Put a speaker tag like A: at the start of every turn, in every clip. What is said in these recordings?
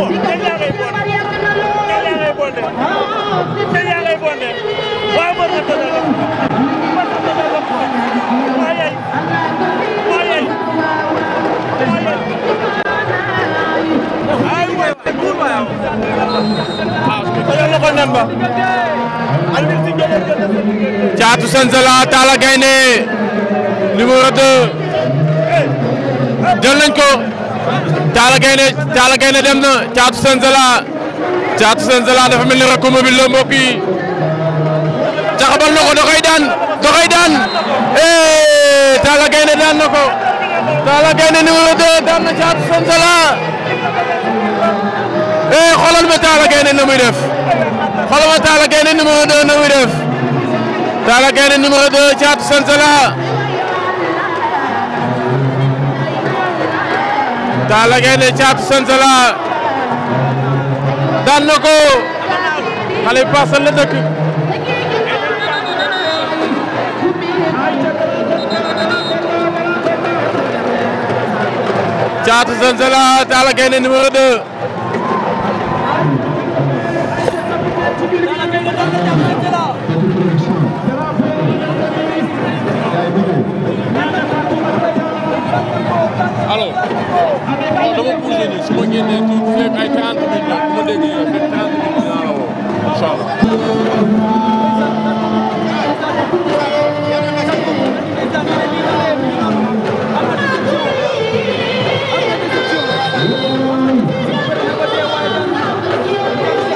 A: ko sëñ yaa ngay bonde sëñ yaa ngay bonde sëñ yaa ngay bonde waaye mën nga tëjal lépp mën nga tëjal lépp maa yey maa yey maa yey ay waay waay buur waay waaw tëjal na ko nen ba Thiatou Senzala Talla Gaindé numéro 2 jël nañ ko Talla Gaindé Talla Gaindé dem na Thiatou Senzala Thiatou Senzala dafa mel ni rakku mobile la mbokk yi caxabal na ko da koy daan da koy daan eh Talla Gaindé daan na ko Talla Gaindé numéro 2 daan na Thiatou Senzala eh xoolal ma Talla Gaindé na muy def xoolal ma Talla Gaindé numéro 2 na muy def Talla Gaindé numéro 2 Thiatou Senzala Talla Gaindé Thiatou Sansala daan na bi Parcelles la dëkk alors non dama bougé nii su ma génnee tuuti fekk ay 30 minutes la bu ma déggee yow fekk 30 minutes dinaa la woo incha allah.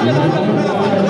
A: Thank you.